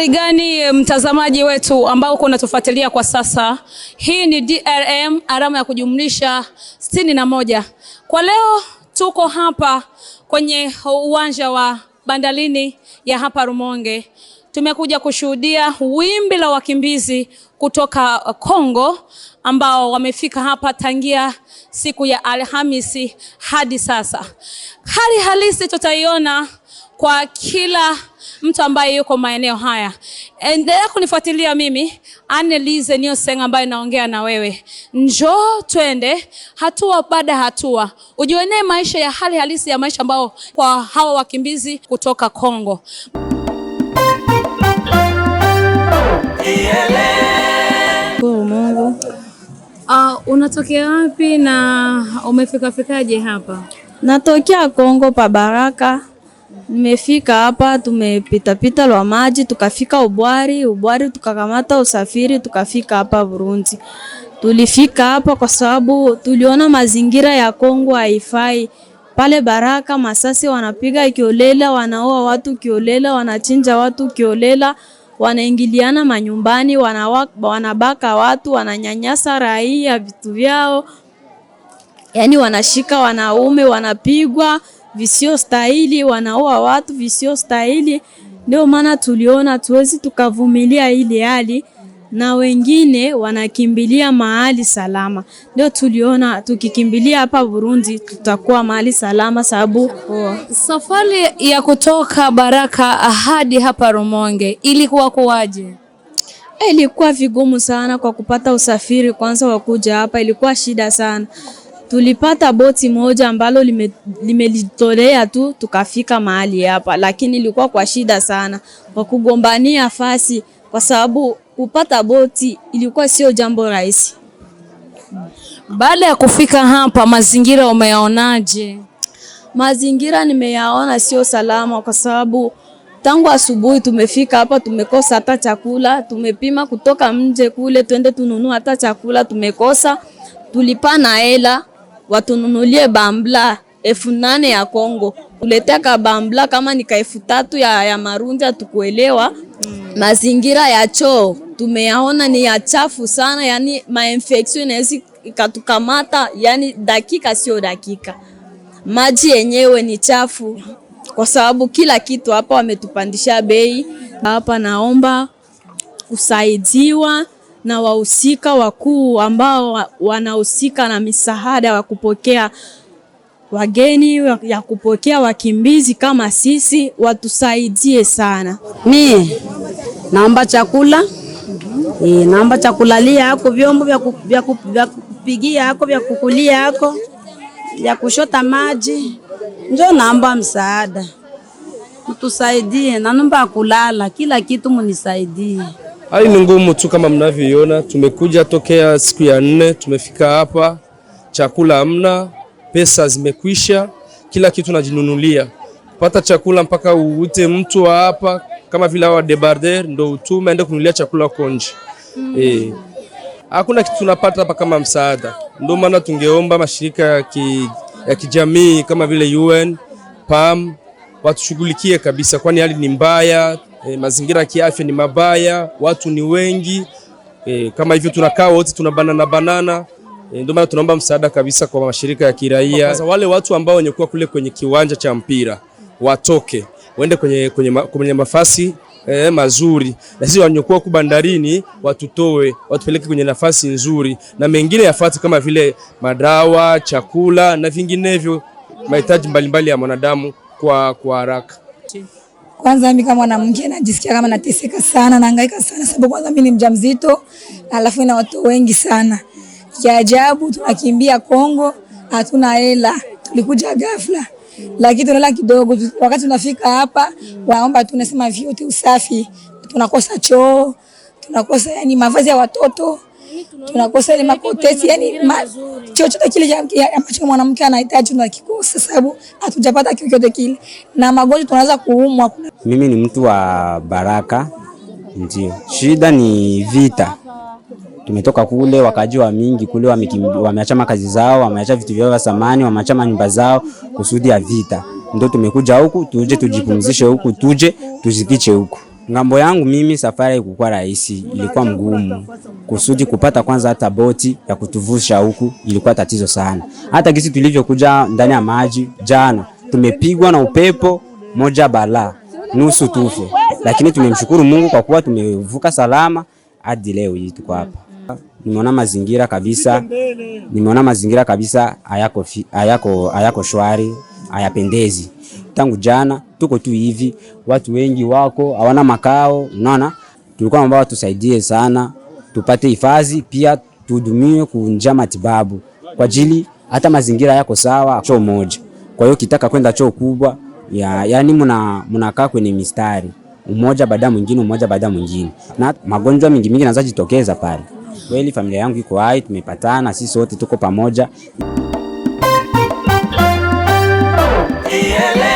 habari gani mtazamaji wetu ambao uko unatufuatilia kwa sasa. Hii ni DRM alama ya kujumlisha sitini na moja. Kwa leo tuko hapa kwenye uwanja wa bandalini ya hapa Rumonge. Tumekuja kushuhudia wimbi la wakimbizi kutoka Kongo ambao wamefika hapa tangia siku ya Alhamisi hadi sasa. Hali halisi tutaiona kwa kila mtu ambaye yuko maeneo haya. Endelea kunifuatilia mimi Annelize Nielsen ambaye naongea na wewe. Njoo twende hatua baada hatua, ujionee maisha ya hali halisi ya maisha ambao kwa hawa wakimbizi kutoka Kongo. Mungu. Uh, unatokea wapi na umefikafikaje hapa? Natokea Kongo pa Baraka Nimefika hapa tumepitapita lwa maji tukafika Ubwari, Ubwari tukakamata usafiri tukafika hapa Burundi. Tulifika hapa kwa sababu tuliona mazingira ya Kongo haifai. Pale Baraka masasi wanapiga kiolela, wanaoa watu kiolela, wanachinja watu kiolela, wanaingiliana manyumbani, wanabaka watu, wananyanyasa raia vitu vyao, yaani wanashika wanaume wanapigwa visio stahili, wanaoa watu visio stahili. Ndio maana tuliona tuwezi tukavumilia ile hali, na wengine wanakimbilia mahali salama. Ndio tuliona tukikimbilia hapa Burundi tutakuwa mahali salama, sababu Safari ya kutoka Baraka hadi hapa Rumonge ilikuwa kuwaje? Eh, ilikuwa vigumu sana kwa kupata usafiri kwanza wa kuja hapa, ilikuwa shida sana tulipata boti moja ambalo limelitolea tu tukafika mahali hapa, lakini ilikuwa kwa shida sana kwa kugombania fasi, kwa sababu kupata boti ilikuwa sio jambo rahisi. Baada ya kufika hapa, mazingira umeyaonaje? Mazingira nimeyaona sio salama, kwa sababu tangu asubuhi tumefika hapa, tumekosa hata chakula. Tumepima kutoka mje kule twende tununua hata chakula tumekosa, tulipa na hela watununulie bambla elfu nane ya Kongo kuletea ka bambla kama ni elfu tatu ya, ya marundi atukuelewa. Mm. Mazingira ya choo tumeyaona ni ya chafu sana, yani mainfeksio inaweza ikatukamata, yani dakika sio dakika. Maji yenyewe ni chafu kwa sababu kila kitu hapa wametupandisha bei. Hapa naomba kusaidiwa na wahusika wakuu ambao wanahusika na misaada wa kupokea wageni ya kupokea wakimbizi kama sisi, watusaidie sana. Mie naomba chakula E, naomba cha kulalia hako, vyombo vya kupigia hako, vya kukulia hako, vya kushota maji, njo naomba msaada, mtusaidie. Nanomba kulala, kila kitu munisaidie. Hali ni ngumu tu kama mnavyoiona, tumekuja tokea siku ya nne, tumefika hapa, chakula hamna, pesa zimekwisha, kila kitu najinunulia. pata chakula mpaka uute mtu wa hapa kama vile hawa debarder ndo utume aende kununulia chakula konji. mm. E, hakuna kitu tunapata hapa kama msaada, ndio maana tungeomba mashirika ya, ki, ya kijamii kama vile UN, PAM watushughulikie kabisa, kwani hali ni mbaya e, mazingira ya kiafya ni mabaya, watu ni wengi e, kama hivyo tunakaa wote tuna banana banana e, ndio maana tunaomba msaada kabisa kwa mashirika ya kiraia. wale watu ambao wenye kuwa kule kwenye kiwanja cha mpira watoke waende kwenye, kwenye, ma, kwenye mafasi E, mazuri na sisi wanyokuwa ku bandarini watutoe watupeleke kwenye nafasi nzuri, na mengine yafuate kama vile madawa, chakula na vinginevyo mahitaji mbalimbali ya mwanadamu kwa kwa haraka. Kwanza mimi kama mwanamke najisikia kama nateseka sana, naangaika sana sababu kwanza mimi ni mjamzito, alafu ina watu wengi sana. Ya ajabu tunakimbia Kongo, hatuna hela, tulikuja ghafla. Lakini tunala kidogo, wakati tunafika hapa waomba tunasema vyote usafi, tunakosa choo, tunakosa yani mavazi ya watoto tunakosa ile makotesi, yani chochote kile ambacho mwanamke anahitaji tunakikosa, sababu hatujapata chochote kile, na magonjwa tunaweza kuumwa. Mimi ni mtu wa Baraka, ndio shida ni vita tumetoka kule, wakaji wa mingi kule wameachama kazi zao, wameacha vitu vyao vya samani, wameachama nyumba zao kusudi ya vita, ndio tumekuja huku, tuje tujipumzishe huku, tuje tuzikiche huku. Ngambo yangu mimi safari haikukuwa rahisi, ilikuwa mgumu. Kusudi kupata kwanza hata boti ya kutuvusha huku ilikuwa tatizo sana. Hata gisi tulivyokuja ndani ya maji jana, tumepigwa na upepo moja bala nusu tufe, lakini tumemshukuru Mungu kwa kuwa tumevuka salama hadi leo hii tuko hapa. Nimeona mazingira kabisa, nimeona mazingira kabisa hayako hayako hayako shwari, hayapendezi tangu jana, tuko tu hivi, watu wengi wako hawana makao. Unaona, tulikuwa naomba watusaidie sana, tupate hifadhi pia tuhudumiwe kunja matibabu, kwa ajili hata mazingira yako sawa, choo moja. Kwa hiyo kitaka kwenda choo kubwa ya, yani muna mnakaa kwenye mistari mmoja baada mwingine, mmoja baada mwingine, na magonjwa mingi mingi yanaweza jitokeza pale. Kweli familia yangu iko hai, tumepatana sisi wote tuko pamoja. E